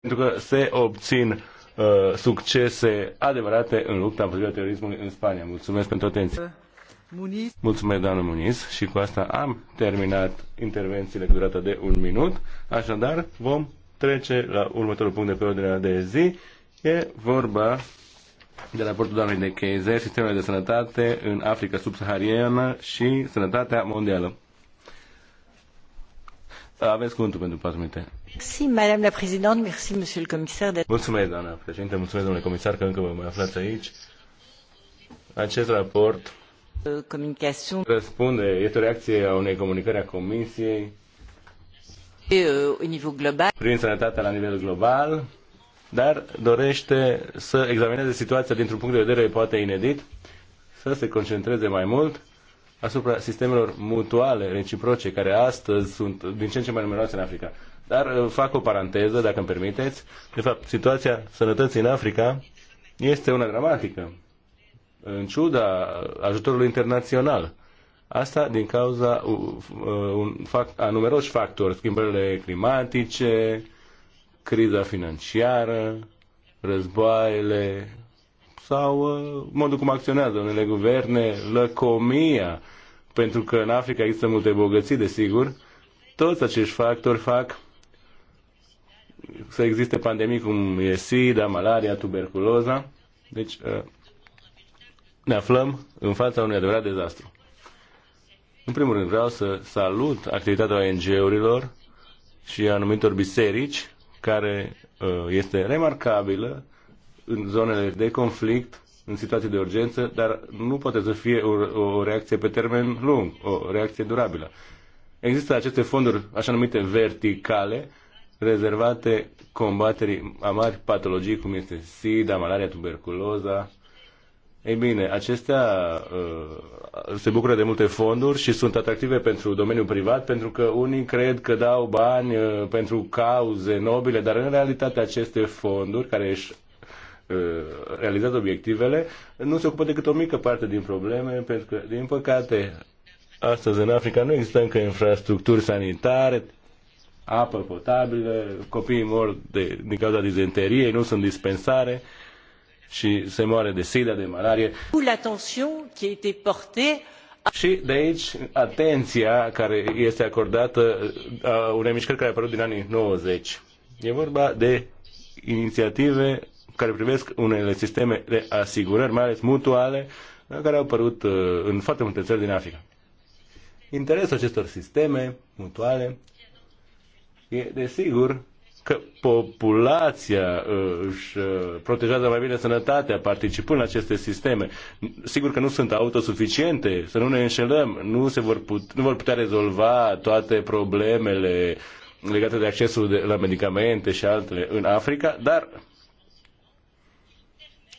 pentru că se obțin uh, succese adevărate în lupta împotriva terorismului în Spania. Mulțumesc pentru atenție. Muniz. Mulțumesc, doamnă Muniz. Și cu asta am terminat intervențiile cu durata de un minut. Așadar, vom trece la următorul punct de pe ordinea de zi. E vorba de raportul doamnei de Cheize, sistemele de sănătate în Africa subsahariană și sănătatea mondială. Aveți cuvântul pentru 4 minute. Mulțumesc, doamna președinte, mulțumesc, domnule comisar, că încă vă mai aflați aici. Acest raport răspunde, este o reacție a unei comunicări a Comisiei prin sănătatea la nivel global, dar dorește să examineze situația dintr-un punct de vedere poate inedit, să se concentreze mai mult asupra sistemelor mutuale, reciproce, care astăzi sunt din ce în ce mai numeroase în Africa. Dar uh, fac o paranteză, dacă îmi permiteți. De fapt, situația sănătății în Africa este una dramatică, în ciuda ajutorului internațional. Asta din cauza uh, uh, a numeroși factori, schimbările climatice, criza financiară, războaiele sau modul cum acționează unele guverne, lăcomia, pentru că în Africa există multe bogății, desigur, toți acești factori fac să existe pandemii cum e SIDA, malaria, tuberculoza. Deci uh, ne aflăm în fața unui adevărat dezastru. În primul rând vreau să salut activitatea ONG-urilor și anumitor biserici, care uh, este remarcabilă în zonele de conflict, în situații de urgență, dar nu poate să fie o reacție pe termen lung, o reacție durabilă. Există aceste fonduri, așa numite verticale, rezervate combaterii a mari patologii, cum este SIDA, malaria, tuberculoza. Ei bine, acestea uh, se bucură de multe fonduri și sunt atractive pentru domeniul privat, pentru că unii cred că dau bani uh, pentru cauze nobile, dar în realitate aceste fonduri care își uh, realizează obiectivele, nu se ocupă decât o mică parte din probleme, pentru că, din păcate, astăzi în Africa nu există încă infrastructuri sanitare, apă potabilă, copiii mor de, din cauza dizenteriei, nu sunt dispensare și se moare de sida, de malarie. Și de aici atenția care este acordată a unei mișcări care a apărut din anii 90. E vorba de inițiative care privesc unele sisteme de asigurări, mai ales mutuale, care au apărut uh, în foarte multe țări din Africa. Interesul acestor sisteme mutuale E desigur că populația uh, își uh, protejează mai bine sănătatea participând la aceste sisteme. Sigur că nu sunt autosuficiente, să nu ne înșelăm, nu, se vor, put, nu vor putea rezolva toate problemele legate de accesul de, la medicamente și altele în Africa, dar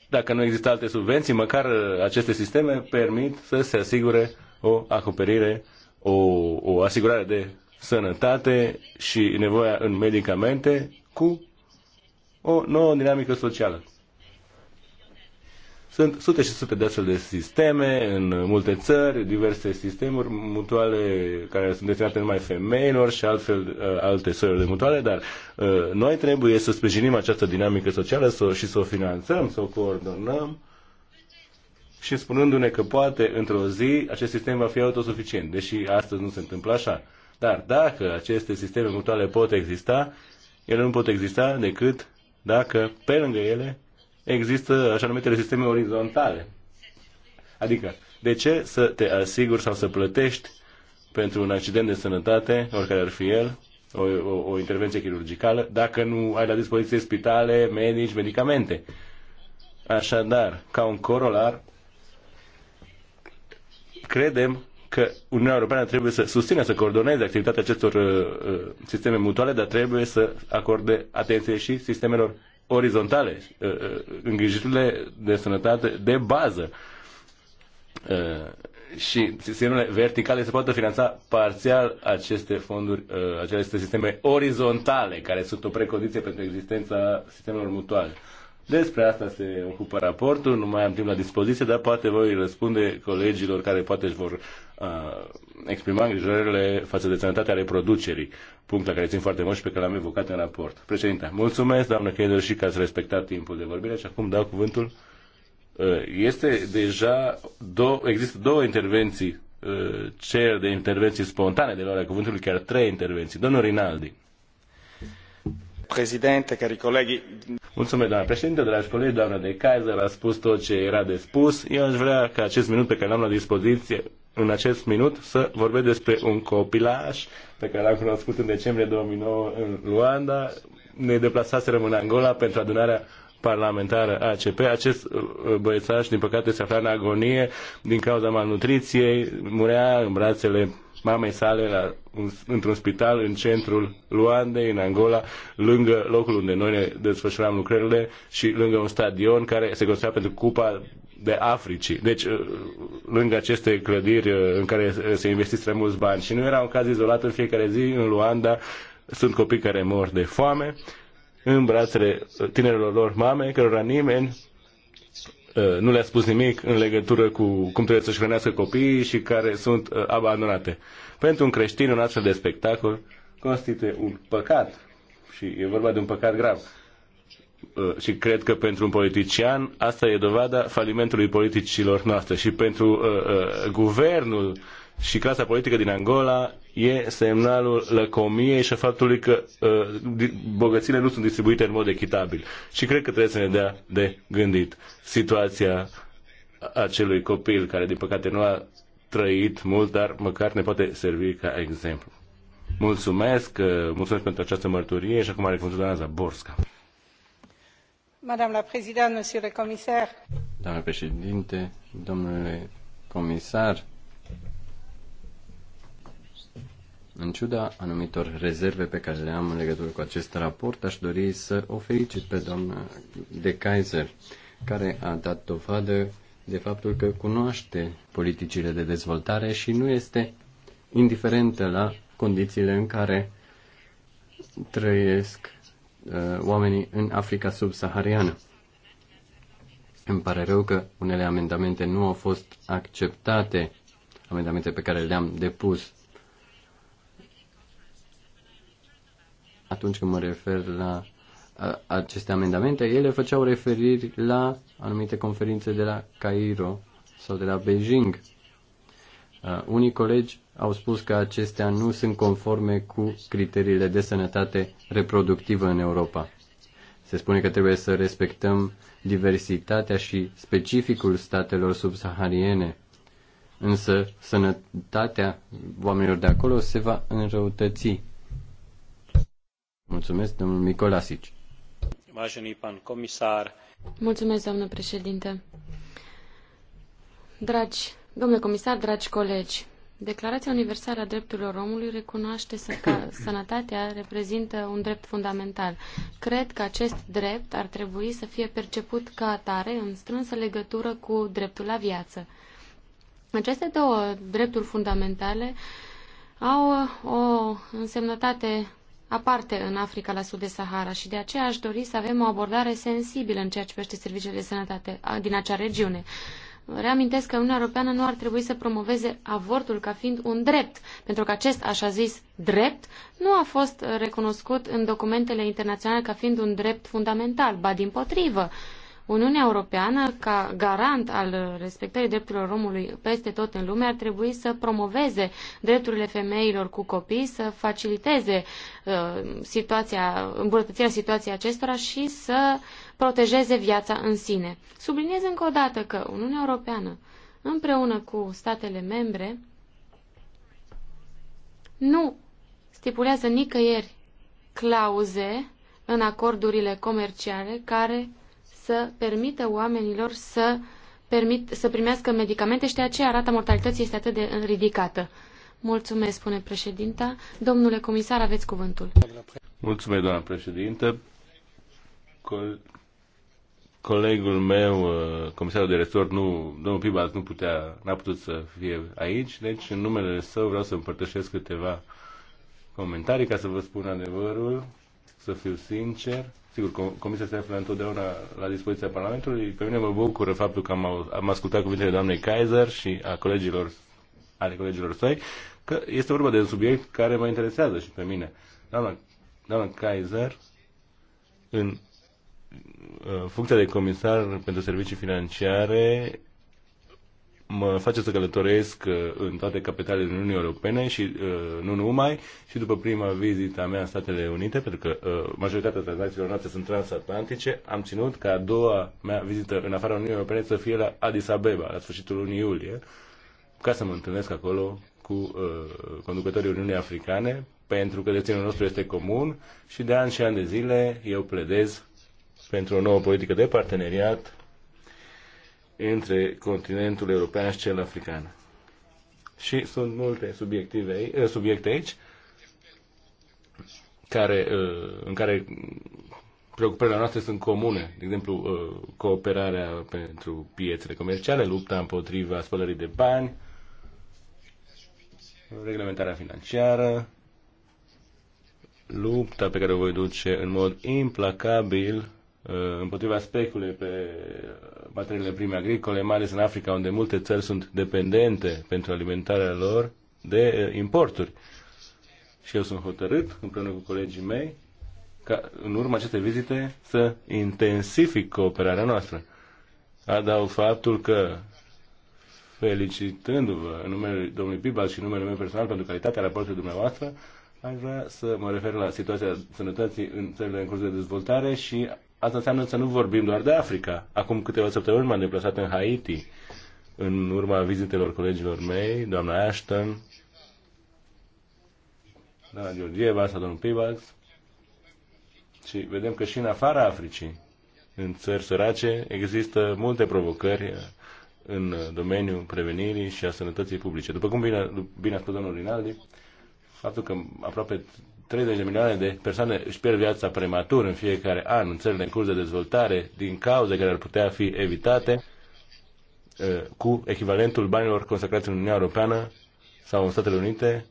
dacă nu există alte subvenții, măcar uh, aceste sisteme permit să se asigure o acoperire, o, o asigurare de sănătate și nevoia în medicamente cu o nouă dinamică socială. Sunt sute și sute de astfel de sisteme în multe țări, diverse sistemuri mutuale care sunt destinate numai femeilor și altfel uh, alte soiuri de mutuale, dar uh, noi trebuie să sprijinim această dinamică socială și să o finanțăm, să o coordonăm și spunându-ne că poate într-o zi acest sistem va fi autosuficient, deși astăzi nu se întâmplă așa. Dar dacă aceste sisteme mutuale pot exista, ele nu pot exista decât dacă pe lângă ele există așa numitele sisteme orizontale. Adică, de ce să te asiguri sau să plătești pentru un accident de sănătate, oricare ar fi el, o, o, o intervenție chirurgicală, dacă nu ai la dispoziție spitale, medici, medicamente? Așadar, ca un corolar, credem că Uniunea Europeană trebuie să susțină, să coordoneze activitatea acestor uh, uh, sisteme mutuale, dar trebuie să acorde atenție și sistemelor orizontale, uh, uh îngrijirile de sănătate de bază. Uh, și sistemele verticale se poată finanța parțial aceste fonduri, uh, aceste sisteme orizontale, care sunt o precondiție pentru existența sistemelor mutuale. Despre asta se ocupă raportul, nu mai am timp la dispoziție, dar poate voi răspunde colegilor care poate își vor exprima îngrijorările față de sănătatea reproducerii, punct la care țin foarte mult și pe care l-am evocat în raport. Președinte, mulțumesc, doamnă Cheder, și că ați respectat timpul de vorbire și acum dau cuvântul. Este deja, două, există două intervenții, cer de intervenții spontane de luarea cuvântului, chiar trei intervenții. Domnul Rinaldi. Președinte, cari colegi. Mulțumesc, doamna președinte, dragi colegi, doamna de Kaiser a spus tot ce era de spus. Eu aș vrea ca acest minut pe care l-am la dispoziție în acest minut să vorbesc despre un copilaș pe care l-am cunoscut în decembrie 2009 în Luanda. Ne deplasaserăm în Angola pentru adunarea parlamentară ACP. Acest uh, băiețaș, din păcate, se afla în agonie din cauza malnutriției, murea în brațele mamei sale la un, într-un spital în centrul Luandei, în Angola, lângă locul unde noi ne desfășuram lucrările și lângă un stadion care se construia pentru Cupa de Africii. Deci, uh, lângă aceste clădiri uh, în care se investiți prea mulți bani. Și nu era un caz izolat în fiecare zi în Luanda. Sunt copii care mor de foame în brațele uh, tinerilor lor mame, cărora nimeni nu le-a spus nimic în legătură cu cum trebuie să-și hrănească copiii și care sunt abandonate. Pentru un creștin, un astfel de spectacol constituie un păcat și e vorba de un păcat grav. Uh, și cred că pentru un politician asta e dovada falimentului politicilor noastre și pentru uh, uh, guvernul și clasa politică din Angola e semnalul lăcomiei și a faptului că uh, bogățile nu sunt distribuite în mod echitabil. Și cred că trebuie să ne dea de gândit situația acelui copil care, din păcate, nu a trăit mult, dar măcar ne poate servi ca exemplu. Mulțumesc, uh, mulțumesc pentru această mărturie și acum are cuvântul doamna Zaborska. Doamnă președinte, domnule comisar, în ciuda anumitor rezerve pe care le am în legătură cu acest raport, aș dori să o felicit pe doamna de Kaiser, care a dat dovadă de faptul că cunoaște politicile de dezvoltare și nu este indiferentă la condițiile în care trăiesc Uh, oamenii în Africa subsahariană. Îmi pare rău că unele amendamente nu au fost acceptate, amendamente pe care le-am depus. Atunci când mă refer la aceste amendamente, ele făceau referiri la anumite conferințe de la Cairo sau de la Beijing. Uh, unii colegi au spus că acestea nu sunt conforme cu criteriile de sănătate reproductivă în Europa. Se spune că trebuie să respectăm diversitatea și specificul statelor subsahariene, însă sănătatea oamenilor de acolo se va înrăutăți. Mulțumesc, domnul Micolasici. pan comisar. Mulțumesc, doamnă președinte. Dragi Domnule comisar, dragi colegi, Declarația Universală a Drepturilor Omului recunoaște că sănătatea reprezintă un drept fundamental. Cred că acest drept ar trebui să fie perceput ca atare în strânsă legătură cu dreptul la viață. Aceste două drepturi fundamentale au uh, o însemnătate aparte în Africa la sud de Sahara și de aceea aș dori să avem o abordare sensibilă în ceea ce privește serviciile de sănătate uh, din acea regiune. Reamintesc că Uniunea Europeană nu ar trebui să promoveze avortul ca fiind un drept, pentru că acest așa zis drept nu a fost recunoscut în documentele internaționale ca fiind un drept fundamental, ba din potrivă. Uniunea Europeană, ca garant al respectării drepturilor omului peste tot în lume, ar trebui să promoveze drepturile femeilor cu copii, să faciliteze uh, situația, îmbunătățirea situației acestora și să uh, protejeze viața în sine. Subliniez încă o dată că Uniunea Europeană, împreună cu statele membre, nu stipulează nicăieri clauze în acordurile comerciale care să permită oamenilor să, permit, să primească medicamente și de aceea rata mortalității este atât de ridicată. Mulțumesc, spune președinta. Domnule comisar, aveți cuvântul. Mulțumesc, doamna președintă colegul meu, uh, comisarul de resort, nu, domnul Pibas, nu putea, n-a putut să fie aici, deci în numele său vreau să împărtășesc câteva comentarii ca să vă spun adevărul, să fiu sincer. Sigur, comisia se află întotdeauna la dispoziția Parlamentului. Pe mine mă bucură faptul că am, am ascultat cuvintele doamnei Kaiser și a colegilor, ale colegilor săi, că este vorba de un subiect care mă interesează și pe mine. Doamna, doamna Kaiser, în Uh, funcția de comisar pentru servicii financiare mă face să călătoresc uh, în toate capitalele Uniunii Europene și uh, nu numai, și după prima vizită a mea în Statele Unite, pentru că majoritatea tranzacțiilor noastre sunt transatlantice, am ținut ca a doua mea vizită în afara Uniunii Europene să fie la Addis Abeba, la sfârșitul lunii iulie, ca să mă întâlnesc acolo cu uh, conducătorii Uniunii Africane, pentru că destinul nostru este comun și de ani și ani de zile eu pledez pentru o nouă politică de parteneriat între continentul european și cel african. Și sunt multe subiective, eh, subiecte aici care, eh, în care preocupările noastre sunt comune. De exemplu, eh, cooperarea pentru piețele comerciale, lupta împotriva spălării de bani, reglementarea financiară, lupta pe care o voi duce în mod implacabil Uh, împotriva speculei pe materiile prime agricole, mai ales în Africa, unde multe țări sunt dependente pentru alimentarea lor de uh, importuri. Și eu sunt hotărât, împreună cu colegii mei, ca în urma acestei vizite să intensific cooperarea noastră. Adaug faptul că, felicitându-vă în numele domnului Pibal și în numele meu personal pentru calitatea raportului dumneavoastră, aș vrea să mă refer la situația sănătății în țările în curs de dezvoltare și Asta înseamnă să nu vorbim doar de Africa. Acum câteva săptămâni m-am deplasat în Haiti, în urma vizitelor colegilor mei, doamna Ashton, doamna Georgieva sau domnul Pivax. Și vedem că și în afara Africii, în țări sărace, există multe provocări în domeniul prevenirii și a sănătății publice. După cum bine, bine a spus domnul Rinaldi, faptul că aproape 30 de milioane de persoane își pierd viața prematur în fiecare an în țările în curs de dezvoltare din cauze care ar putea fi evitate uh, cu echivalentul banilor consacrați în Uniunea Europeană sau în Statele Unite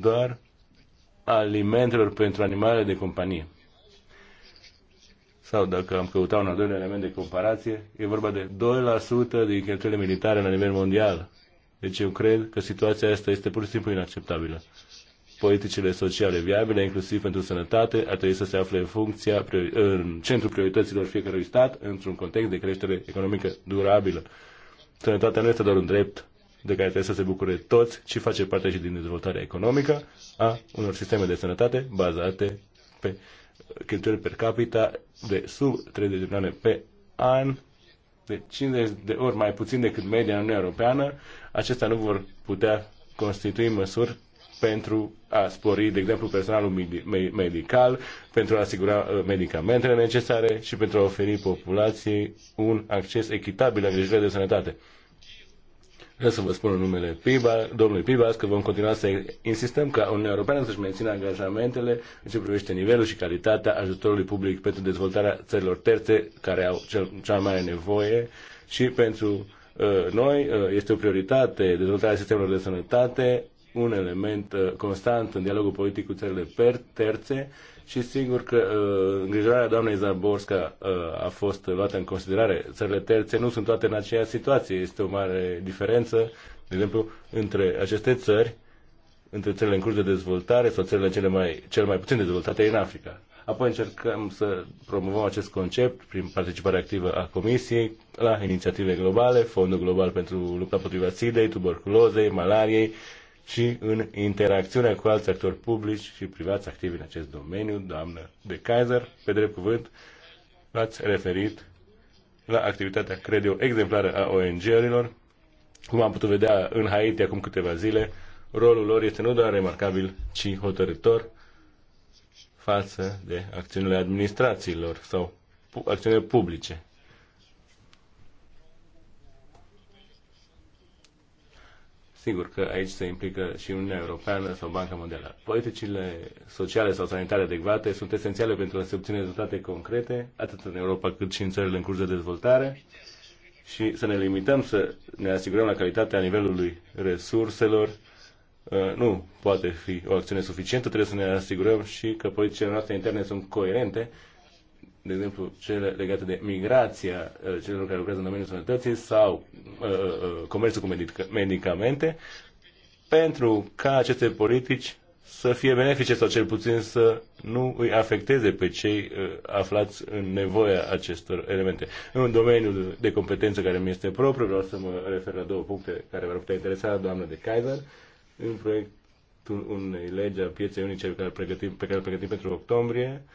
doar alimentelor pentru animale de companie. Sau dacă am căutat un al doilea element de comparație, e vorba de 2% din cheltuielile militare la nivel mondial. Deci eu cred că situația asta este pur și simplu inacceptabilă politicile sociale viabile, inclusiv pentru sănătate, ar trebui să se afle în funcția, în centrul priorităților fiecărui stat, într-un context de creștere economică durabilă. Sănătatea nu este doar un drept de care trebuie să se bucure toți, ci face parte și din dezvoltarea economică a unor sisteme de sănătate bazate pe cheltuieli per capita de sub 30 de milioane pe an, de 50 de ori mai puțin decât media în Uniunea Europeană, acestea nu vor putea constitui măsuri pentru a spori, de exemplu, personalul medical, pentru a asigura uh, medicamentele necesare și pentru a oferi populației un acces echitabil la îngrijirile de sănătate. Vreau să vă spun în numele PIBA, domnului Pibas că vom continua să insistăm ca Uniunea Europeană să-și mențină angajamentele în ce privește nivelul și calitatea ajutorului public pentru dezvoltarea țărilor terțe care au cel, cea mai mare nevoie și pentru uh, noi uh, este o prioritate dezvoltarea sistemelor de sănătate un element uh, constant în dialogul politic cu țările per terțe și sigur că uh, îngrijorarea doamnei Zaborska uh, a fost luată în considerare. Țările terțe nu sunt toate în aceeași situație. Este o mare diferență, de exemplu, între aceste țări, între țările în curs de dezvoltare sau țările cele mai, cel mai puțin dezvoltate în Africa. Apoi încercăm să promovăm acest concept prin participarea activă a Comisiei la inițiative globale, Fondul Global pentru lupta împotriva SIDEI, tuberculozei, malariei, uh, și în interacțiunea cu alți actori publici și privați activi în acest domeniu. Doamnă de Kaiser, pe drept cuvânt, v-ați referit la activitatea, cred eu, exemplară a ONG-urilor. Cum am putut vedea în Haiti acum câteva zile, rolul lor este nu doar remarcabil, ci hotărător față de acțiunile administrațiilor sau acțiunile publice. Sigur că aici se implică și Uniunea Europeană sau Banca Mondială. Politicile sociale sau sanitare adecvate sunt esențiale pentru a se obține rezultate concrete, atât în Europa cât și în țările în curs de dezvoltare, și să ne limităm să ne asigurăm la calitatea nivelului resurselor. Uh, nu poate fi o acțiune suficientă, trebuie să ne asigurăm și că politicile noastre interne sunt coerente de exemplu, cele legate de migrația uh, celor care lucrează în domeniul sănătății sau uh, uh, comerțul cu medicamente, pentru ca aceste politici să fie benefice sau cel puțin să nu îi afecteze pe cei aflați în nevoia acestor elemente. În domeniul de competență care mi este propriu, vreau să mă refer la două puncte care v-ar putea interesa, doamnă de Kaiser, în proiectul unei lege a pieței unice pe care îl pregătim, pe care îl pregătim pentru octombrie, uh,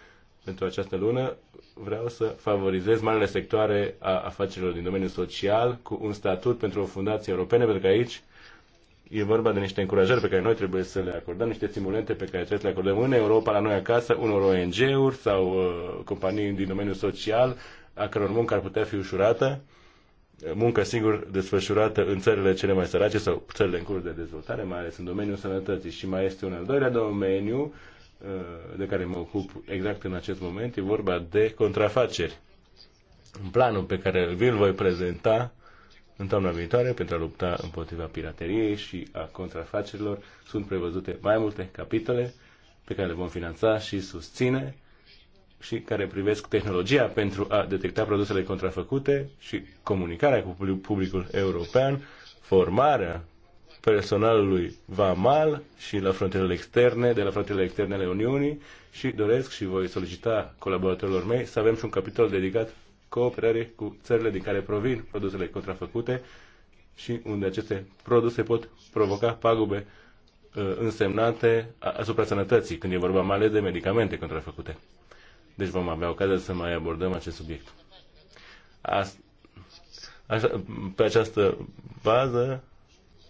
pentru această lună, vreau să favorizez marile sectoare a afacerilor din domeniul social cu un statut pentru o fundație europene, pentru că aici e vorba de niște încurajări pe care noi trebuie să le acordăm, niște stimulente pe care trebuie să le acordăm în Europa, la noi acasă, unor ONG-uri sau uh, companii din domeniul social, a căror muncă ar putea fi ușurată, muncă, singur desfășurată în țările cele mai sărace sau țările în curs de dezvoltare, mai ales în domeniul sănătății. Și mai este un al doilea domeniu Uh, de care mă ocup exact în acest moment, e vorba de contrafaceri. În planul pe care vi-l voi prezenta în toamna viitoare pentru a lupta împotriva pirateriei și a contrafacerilor sunt prevăzute mai multe capitole pe care le vom finanța și susține și care privesc tehnologia pentru a detecta produsele contrafăcute și comunicarea cu publicul european, formarea personalului VAMAL și la frontierele externe, de la frontierele externe ale Uniunii și doresc și voi solicita colaboratorilor mei să avem și un capitol dedicat cooperare cu țările din care provin produsele contrafăcute și unde aceste produse pot provoca pagube uh, însemnate asupra sănătății, când e vorba mai ales de medicamente contrafăcute. Deci vom avea ocazia să mai abordăm acest subiect. Asta Așa, pe această bază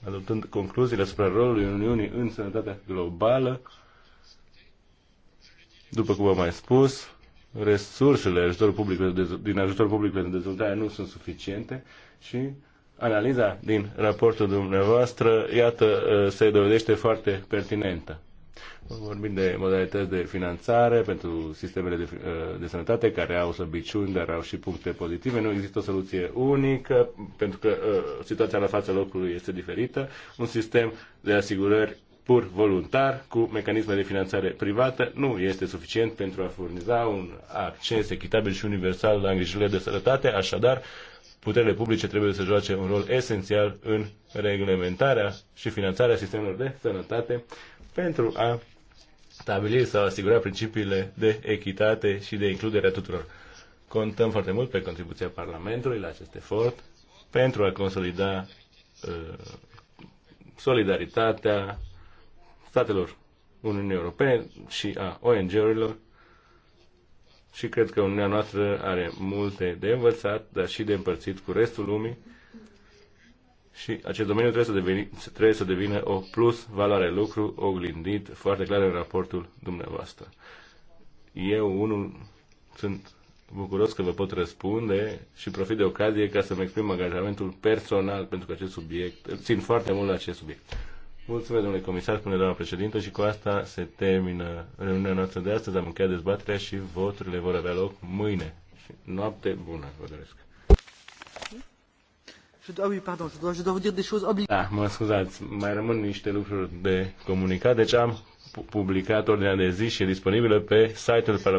adoptând concluziile asupra rolului Uniunii în sănătatea globală. După cum am mai spus, resursele ajutor public, din ajutor public pentru dezvoltare nu sunt suficiente și analiza din raportul dumneavoastră, iată, uh, se dovedește foarte pertinentă. Vorbim de modalități de finanțare pentru sistemele de, de sănătate care au slăbiciuni, dar au și puncte pozitive. Nu există o soluție unică, pentru că uh, situația la fața locului este diferită. Un sistem de asigurări pur voluntar cu mecanisme de finanțare privată nu este suficient pentru a furniza un acces echitabil și universal la îngrijirile de sănătate, așadar puterile publice trebuie să joace un rol esențial în reglementarea și finanțarea sistemelor de sănătate pentru a stabili sau asigura principiile de echitate și de includere a tuturor. Contăm foarte mult pe contribuția Parlamentului la acest efort pentru a consolida uh, solidaritatea statelor Uniunii Europene și a ONG-urilor și cred că Uniunea noastră are multe de învățat, dar și de împărțit cu restul lumii și acest domeniu trebuie să, deveni, trebuie să devină o plus valoare lucru oglindit foarte clar în raportul dumneavoastră. Eu, unul, sunt bucuros că vă pot răspunde și profit de ocazie ca să-mi exprim angajamentul personal pentru că acest subiect, țin foarte mult la acest subiect. Mulțumesc, domnule comisar, spune doamna președintă și cu asta se termină reuniunea noastră de astăzi. Am încheiat dezbaterea și voturile vor avea loc mâine. Și noapte bună, vă doresc! Ah oui, pardon, je dois, je dois vous dire des choses Da, mă scuzați, mai rămân niște lucruri de comunicat, deci am publicat ordinea de zi și e disponibilă pe site-ul